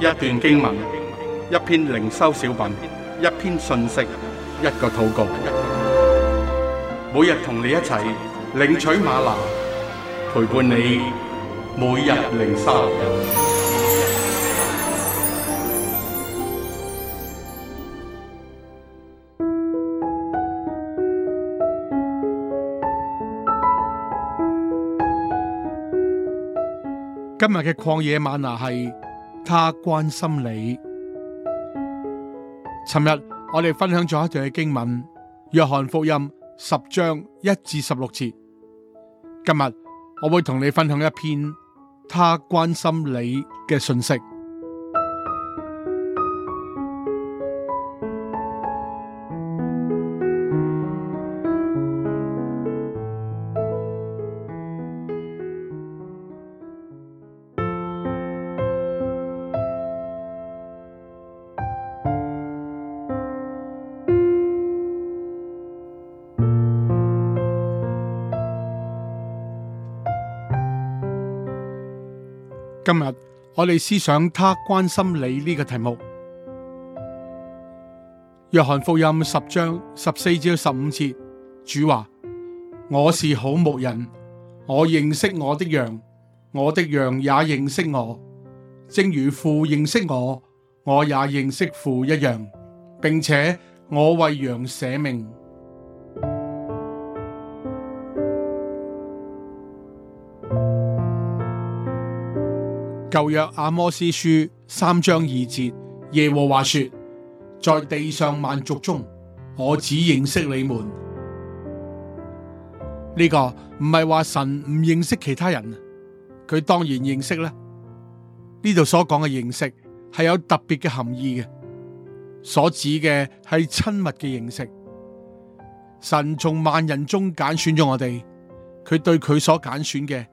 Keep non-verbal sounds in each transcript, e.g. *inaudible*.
一段經文，一篇靈修小品，一篇信息，一個禱告。每日同你一齊領取嗎哪，陪伴你每日靈修。今日嘅曠野嗎哪係。祂關心你。尋日我哋分享咗一段嘅經文《約翰福音》十章一至十六節。今日我會同你分享一篇祂關心你嘅信息。今日我哋思想他關心你呢個題目。約翰福音十章十四至十五節，主話：我是好牧人，我認識我的羊，我的羊也認識我，正如父認識我，我也認識父一樣，並且我為羊捨命。舊約阿摩司書三章二節，耶和華說：在地上萬族中，我只認識你們。呢個唔係話神唔認識其他人，佢當然認識啦。呢度所講嘅認識係有特別嘅含義嘅，所指嘅係親密嘅認識。神從萬人中揀選咗我哋，佢對佢所揀選嘅，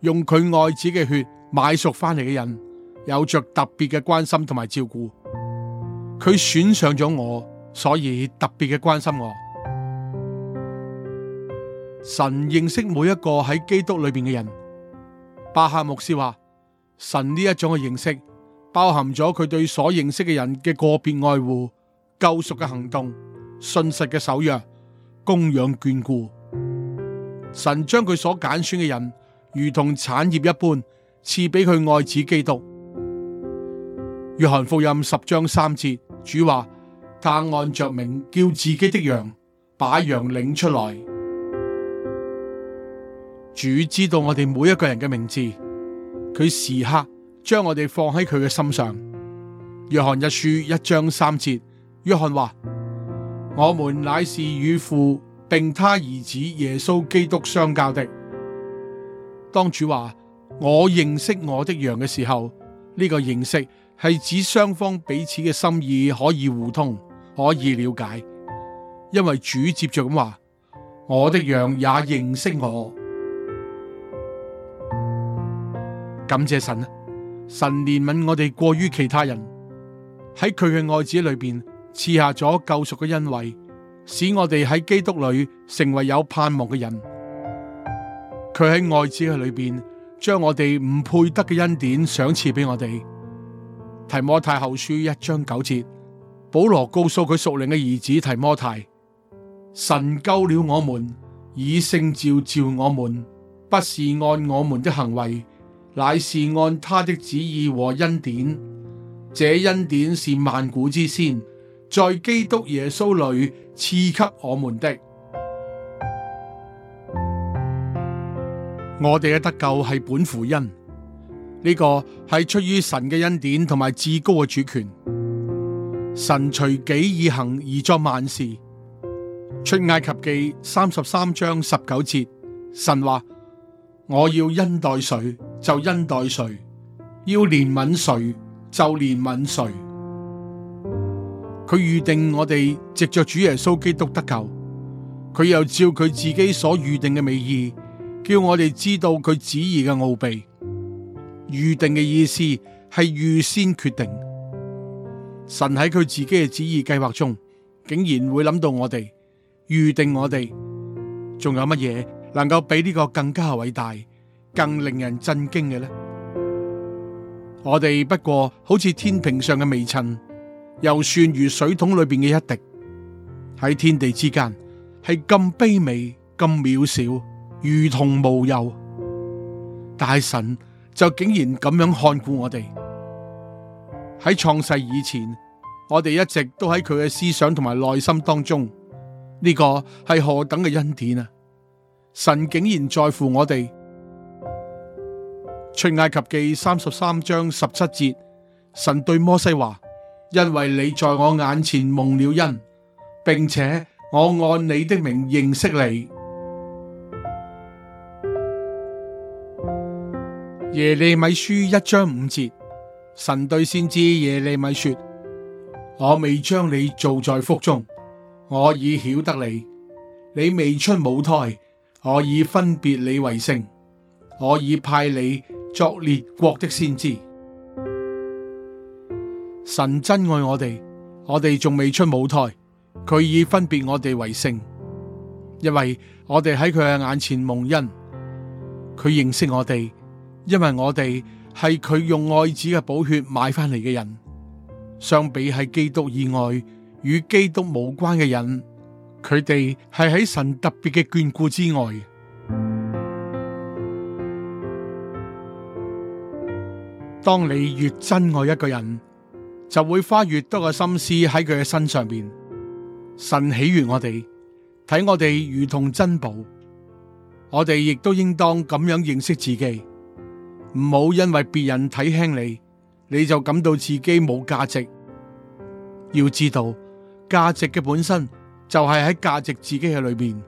用佢愛子嘅血。買贖翻嚟嘅人有着特別嘅關心同埋照顧，佢選上咗我，所以特別嘅關心我。神認識每一個喺基督裏面嘅人。巴夏牧師話：神呢一種嘅認識，包含咗佢對所認識嘅人嘅個別愛護、救贖嘅行動、信實嘅守約、供養眷顧。神將佢所揀選嘅人，如同產業一般。賜俾佢愛子基督。約翰福音十章三節，主話：，他按着名叫自己的羊，把羊領出來。主知道我哋每一個人嘅名字，佢時刻將我哋放喺佢嘅心上。約翰一書一章三節，約翰話：，我們乃是與父並他兒子耶穌基督相交的。當主話。我認識我的羊嘅時候，呢、這個認識係指雙方彼此嘅心意可以互通，可以了解。因為主接着咁話，我的羊也認識我。感謝神啊！神憐憫我哋過於其他人，喺佢嘅愛子裏邊賜下咗救贖嘅恩惠，使我哋喺基督裏成為有盼望嘅人。佢喺愛子嘅裏邊，將我哋唔配得嘅恩典賞賜俾我哋。提摩太後書一章九節，保羅告訴佢屬靈嘅兒子提摩太：神救了我們，以聖召召我們，不是按我們的行為，乃是按他的旨意和恩典。這恩典是萬古之先，在基督耶穌裏賜給我們的。我哋嘅得救係本乎恩，呢個係出於神嘅恩典同埋至高嘅主權。神隨己意行而作萬事。出埃及記三十三章十九節，神話：我要恩待誰就恩待誰，要憐憫誰就憐憫誰。佢預定我哋藉着主耶穌基督得救，佢又照佢自己所預定嘅美意。叫我哋知道佢旨意嘅奧秘，預定嘅意思係預先決定。神喺佢自己嘅旨意計劃中，竟然會諗到我哋，預定我哋。仲有乜嘢能夠比呢個更加偉大、更令人震驚嘅呢？我哋不過好似天平上嘅微塵，又算如水桶裏邊嘅一滴，喺天地之間係咁卑微、咁渺小。如同無有，大神就竟然咁樣看顧我哋。喺創世以前，我哋一直都喺佢嘅思想同埋內心當中，呢、這個係何等嘅恩典啊！神竟然在乎我哋。出埃及記三十三章十七節，神對摩西話，因為你在我眼前蒙了恩，並且我按你的名認識你。耶利米書一章五節，神對先知耶利米說：我未將你造在腹中，我已曉得你；你未出母胎，我已分別你為聖；我已派你作列國的先知。神真愛我哋，我哋仲未出母胎，佢已分別我哋為聖，因為我哋喺佢嘅眼前蒙恩，佢認識我哋。因為我哋係佢用愛子嘅寶血買翻嚟嘅人，相比喺基督以外與基督無關嘅人，佢哋係喺神特別嘅眷顧之外。當你越真愛一個人，就會花越多嘅心思喺佢嘅身上邊。神喜悅我哋，睇我哋如同珍寶，我哋亦都應當咁樣認識自己。唔好因為別人睇輕你，你就感到自己冇價值。要知道價值嘅本身就係喺價值自己嘅裏面，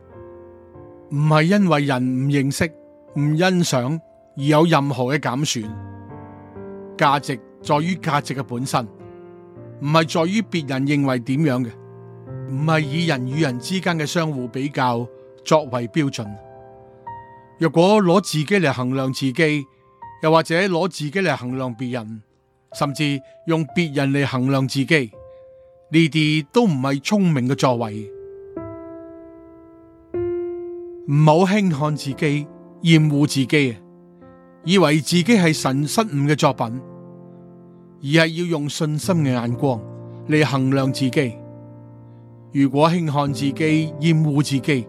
唔係因為人唔認識、唔欣賞而有任何嘅減損。價值在於價值嘅本身，唔係在於別人認為點樣嘅，唔係以人與人之間嘅相互比較作為標準。若果攞自己嚟衡量自己，又或者攞自己嚟衡量別人，甚至用別人嚟衡量自己，呢啲都唔係聰明嘅作為。唔好輕看自己，厭惡自己，以為自己係神失誤嘅作品，而係要用信心嘅眼光嚟衡量自己。如果輕看自己，厭惡自己，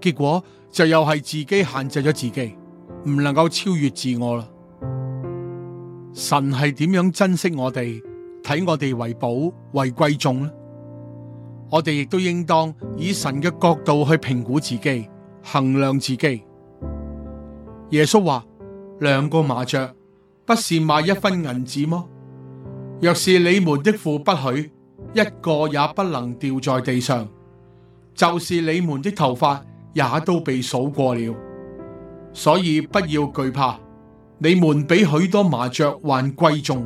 結果就又係自己限制咗自己，唔能夠超越自我啦。神係點樣珍惜我哋，睇我哋為寶為貴重呢？我哋亦都應當以神嘅角度去評估自己，衡量自己。耶穌話：兩個麻雀，不是賣一分銀子麼？若是你們的父不許，一個也不能掉在地上；就是你們的頭髮，也都被數過了。所以不要懼怕。你們比許多麻雀還貴重。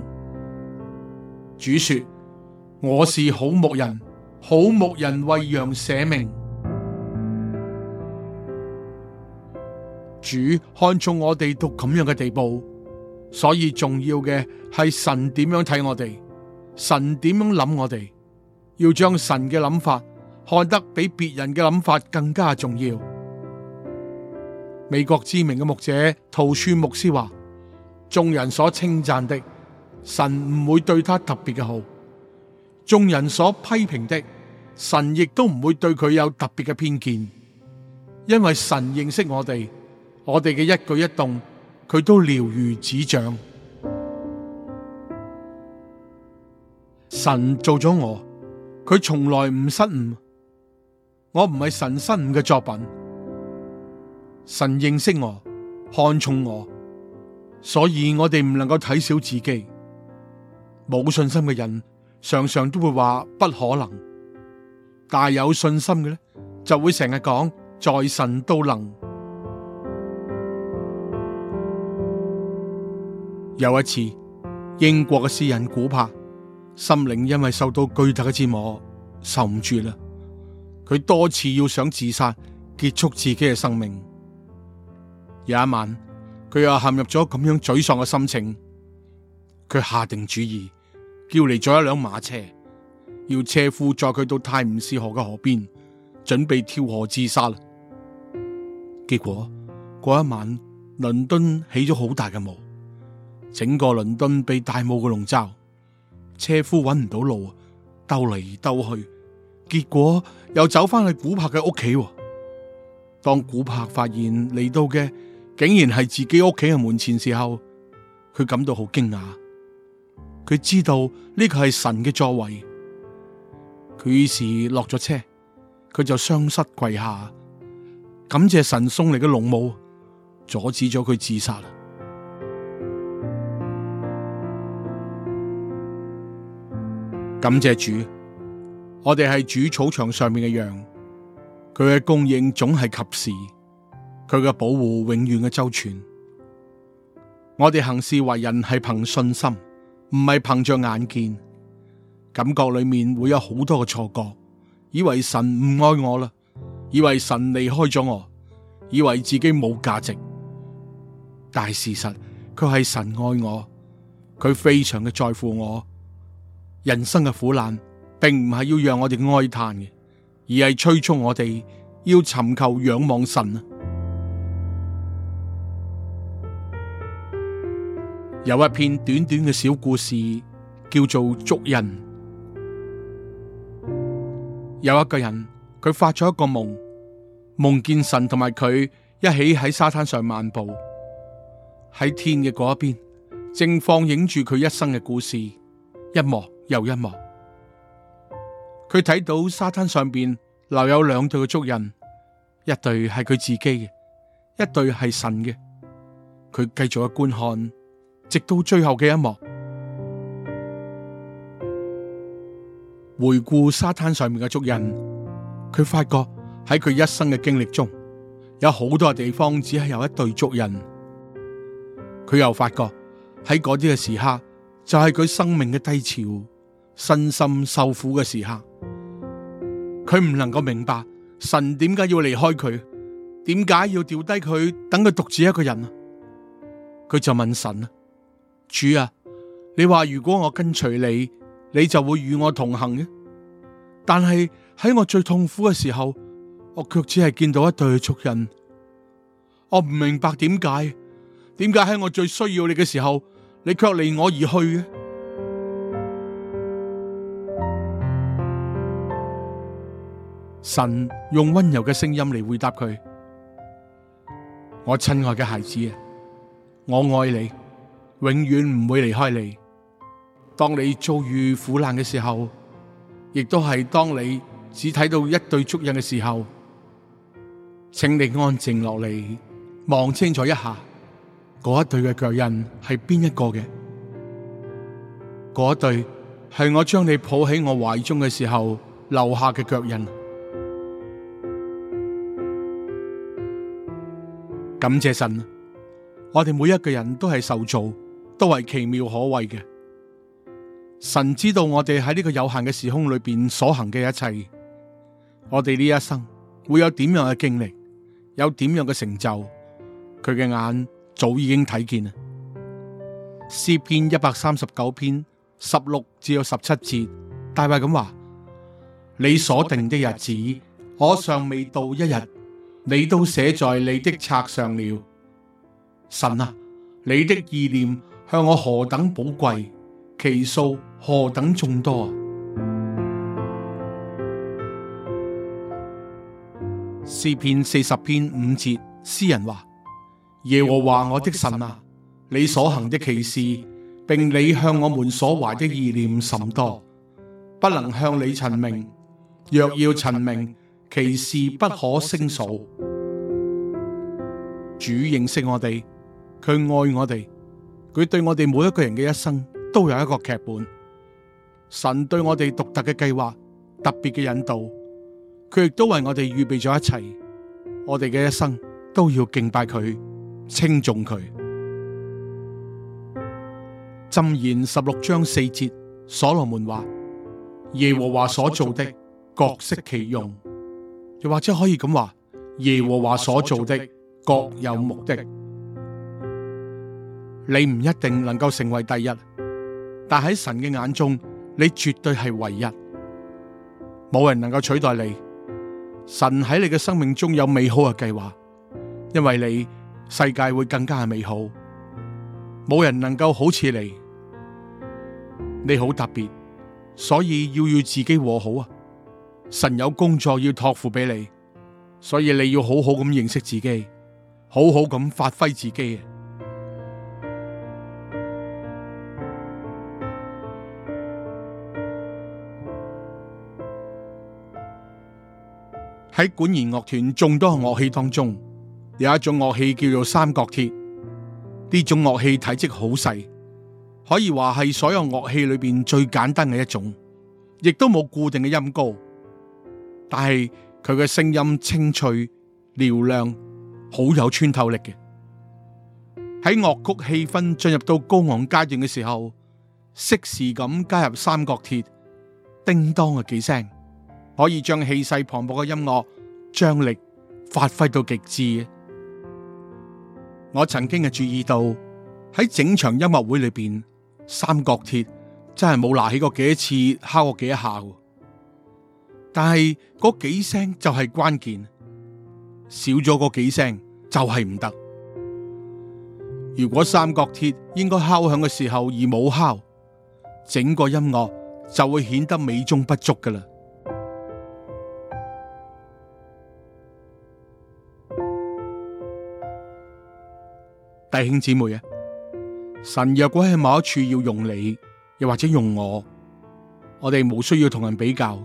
主說：我是好牧人，好牧人為羊舍命。主看重我哋到咁樣嘅地步，所以重要嘅係神點樣睇我哋，神點樣諗我哋，要將神嘅諗法看得比別人嘅諗法更加重要。美國知名嘅牧者陶恕牧師話。眾人所稱讚的，神唔會對他特別嘅好；眾人所批評的，神亦都唔會對佢有特別嘅偏見。因為神認識我哋，我哋嘅一舉一動，佢都了如指掌。神造咗我，佢從來唔失誤。我唔係神失誤嘅作品。神認識我，看重我。所以我哋唔能夠睇小自己，冇信心嘅人常常都會話不可能，但係有信心嘅咧就會成日講在神都能。 *noise* 有一次，英國嘅詩人古柏，心靈因為受到巨大嘅折磨，受唔住啦，佢多次要想自殺，結束自己嘅生命。有一晚。佢又陷入咗咁樣沮喪嘅心情，佢下定主意，叫嚟咗一輛馬車，要車夫載佢到泰晤士河嘅河邊，準備跳河自殺啦。結果嗰一晚，倫敦起咗好大嘅霧，整個倫敦被大霧嘅籠罩，車夫搵唔到路，兜嚟兜去，結果又走翻去古柏嘅屋企。當古柏發現嚟到嘅。竟然係自己屋企嘅門前時候，佢感到好驚訝。佢知道呢個係神嘅作為。佢於是落咗車，佢就雙膝跪下，感謝神送嚟嘅龍母，阻止咗佢自殺啦。感謝主，我哋係主草場上面嘅羊，佢嘅供應總係及時。佢嘅保護永遠嘅周全，我哋行事為人係憑信心，唔係憑着眼見。感覺裏面會有好多嘅錯覺，以為神唔愛我啦，以為神離開咗我，以為自己冇價值。但係事實佢係神愛我，佢非常嘅在乎我。人生嘅苦難並唔係要讓我哋哀嘆嘅，而係催促我哋要尋求仰望神啊！有一篇短短嘅小故事，叫做《足印》，有一個人，佢發咗一個夢，夢見神同埋佢一起喺沙灘上漫步，喺天嘅嗰一邊，正放映住佢一生嘅故事，一幕又一幕。佢睇到沙灘上邊留有兩對嘅足印，一對係佢自己嘅，一對係神嘅。佢繼續去觀看。直到最後嘅一幕，回顧沙灘上面嘅足印，佢發覺喺佢一生嘅經歷中，有好多地方只係有一對足印。佢又發覺喺嗰啲嘅時刻，就係、是、佢生命嘅低潮，身心受苦嘅時刻。佢唔能夠明白神點解要離開佢，點解要掉低佢，等佢獨自一個人。佢就問神啊。主啊，你話如果我跟隨你，你就會與我同行嘅。但係喺我最痛苦嘅時候，我卻只係見到一對足印。我唔明白點解，點解喺我最需要你嘅時候，你卻離我而去嘅？神用溫柔嘅聲音嚟回答佢：「我親愛嘅孩子，我愛你。永遠唔會離開你。當你遭遇苦難嘅時候，亦都係當你只睇到一對足印嘅時候，請你安靜落嚟，望清楚一下，嗰一對嘅腳印係邊一個嘅？嗰一對係我將你抱喺我懷中嘅時候留下嘅腳印。感謝神，我哋每一個人都係受造，都為奇妙可畏嘅。神知道我哋喺呢個有限嘅時空裏邊所行嘅一切，我哋呢一生會有點樣嘅經歷，有點樣嘅成就，佢嘅眼早已經睇見啦。詩篇一百三十九篇十六至到十七節，大衛咁話說：你所定的日子，我尚未到一日，你都寫在你的冊上了。神啊，你的意念，向我何等寶貴，其數何等眾多啊！詩篇四十篇五節，詩人話：耶和華我的神啊，你所行的奇事，並你向我們所懷的意念甚多，不能向你陳明。若要陳明，其事不可勝數。主認識我哋，佢愛我哋。佢對我哋每一個人嘅一生都有一個劇本，神對我哋獨特嘅計劃、特別嘅引導，佢亦都為我哋預備咗一切。我哋嘅一生都要敬拜佢、稱頌佢。箴言十六章四節，所羅門話：耶和華所造的各適其用，又或者可以咁話，耶和華所造的各有目的。你唔一定能夠成為第一，但喺神嘅眼中，你絕對係唯一，冇人能夠取代你。神喺你嘅生命中有美好嘅計劃，因為你，世界會更加美好。冇人能夠好似你，你好特別，所以要要自己和好啊！神有工作要託付俾你，所以你要好好咁認識自己，好好咁發揮自己。喺管弦樂團眾多樂器當中，有一種樂器叫做三角鐵。呢種樂器體積好細，可以話係所有樂器裏邊最簡單嘅一種，亦都冇固定嘅音高。但係佢嘅聲音清脆嘹亮，好有穿透力嘅。喺樂曲氣氛進入到高昂階段嘅時候，適時咁加入三角鐵，叮噹嘅幾聲。可以將氣勢磅礴嘅音樂張力發揮到極致。我曾經係注意到喺整場音樂會裏邊，三角鐵真係冇拿起過幾多次，敲過幾多下。但係嗰幾聲就係關鍵，少咗嗰幾聲就係唔得。如果三角鐵應該敲響嘅時候而冇敲，整個音樂就會顯得美中不足噶啦。弟兄姊妹啊，神若果喺某一處要用你，又或者用我，我哋冇需要同人比較。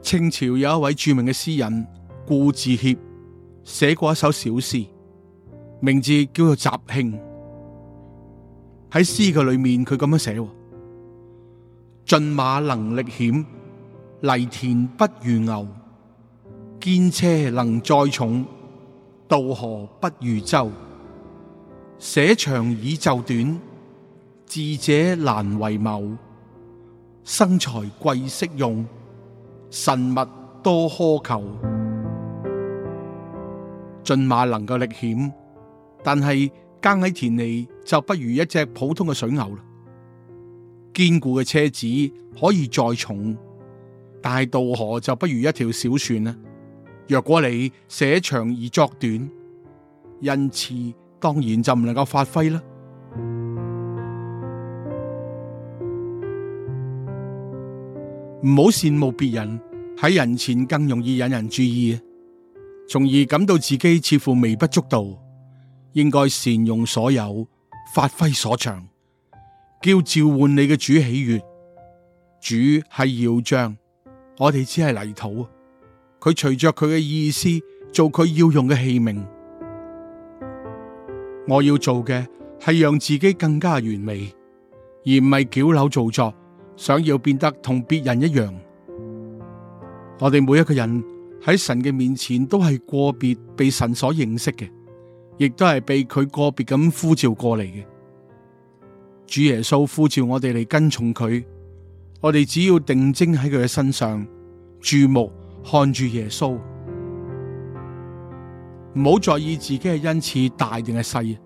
清朝有一位著名嘅詩人顧嗣協寫過一首小詩，名字叫做《雜興》。喺詩嘅裏面，佢咁樣寫：駿馬能歷險，力田不如牛；堅車能載重。渡河不如舟，捨長以就短，智者難為謀。生財貴適用，神物多苛求。駿馬能夠歷險，但係耕喺田裏就不如一隻普通嘅水牛啦。堅固嘅車子可以載重，但係渡河就不如一條小船啦。若果你寫長而作短，恩賜，當然就唔能夠發揮啦。唔好羨慕別人喺人前更容易引人注意，從而感到自己似乎微不足道。應該善用所有，發揮所長，叫召喚你嘅主喜悦。主係窯匠，我哋只係泥土。佢隨着佢嘅意思做佢要用嘅器皿，我要做嘅係讓自己更加完美，而唔係矯揉造作，想要變得同別人一樣。我哋每一個人喺神嘅面前都係個別被神所認識嘅，亦都係被佢個別咁呼召過嚟嘅。主耶穌呼召我哋嚟跟從佢，我哋只要定睛喺佢嘅身上，注目。看住耶穌，唔好在意自己嘅恩賜大定係細，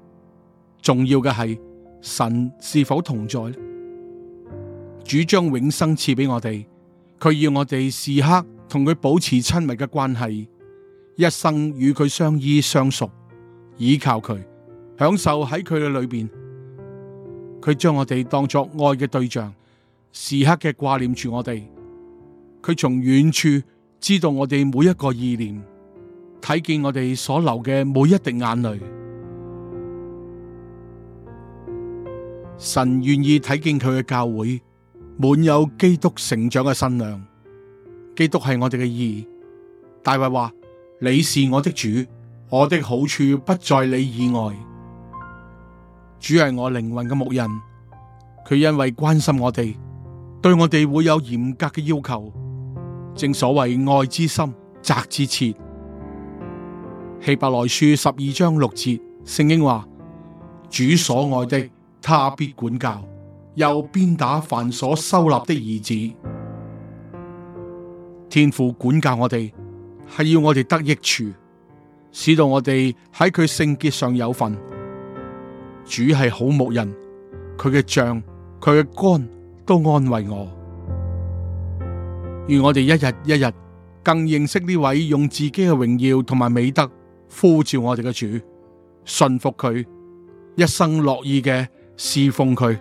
重要嘅係神是否同在呢？主將永生賜俾我哋，佢要我哋時刻同佢保持親密嘅關係，一生與佢相依相屬，依靠佢，享受喺佢嘅裏邊。佢將我哋當作愛嘅對象，時刻嘅掛念住我哋。佢從遠處。知道我哋每一個意念，睇見我哋所流嘅每一滴眼淚，神願意睇見佢嘅教會滿有基督成長嘅新娘。基督係我哋嘅義。大衛話：你是我的主，我的好處不在你以外。主係我靈魂嘅牧人，佢因為關心我哋，對我哋會有嚴格嘅要求。正所謂愛之深，責之切。希伯來書十二章六節，聖經話：主所愛的，他必管教；又鞭打凡所收納的兒子。天父管教我哋，係要我哋得益處，使到我哋喺佢聖潔上有份。主係好牧人，佢嘅杖，佢嘅竿，都安慰我。願我哋一日一日更認識呢位用自己嘅榮耀同埋美德呼召我哋嘅主，信服佢，一生樂意嘅侍奉佢。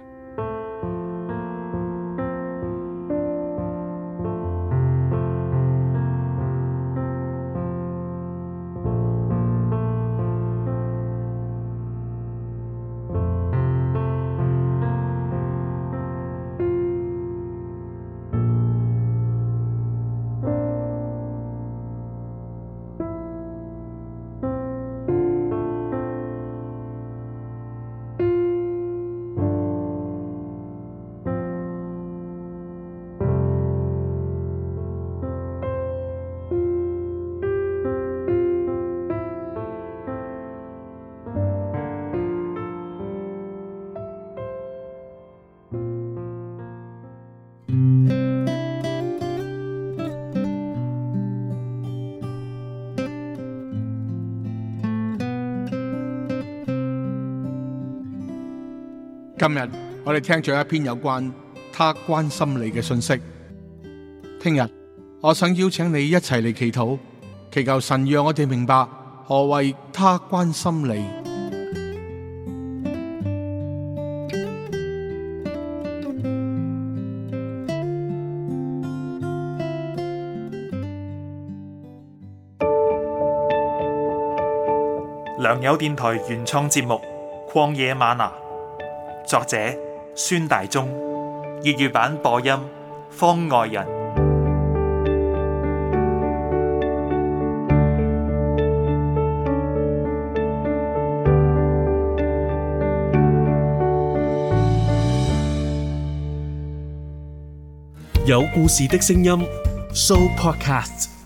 今日我哋聽咗一篇有關祂關心你嘅信息。聽日我想邀請你一齊嚟祈禱，祈求神讓我哋明白何為祂關心你。良友電台原創節目《曠野嗎哪》。作者：孫大中，粵語版播音：方外人。有故事的聲音，Show Podcast。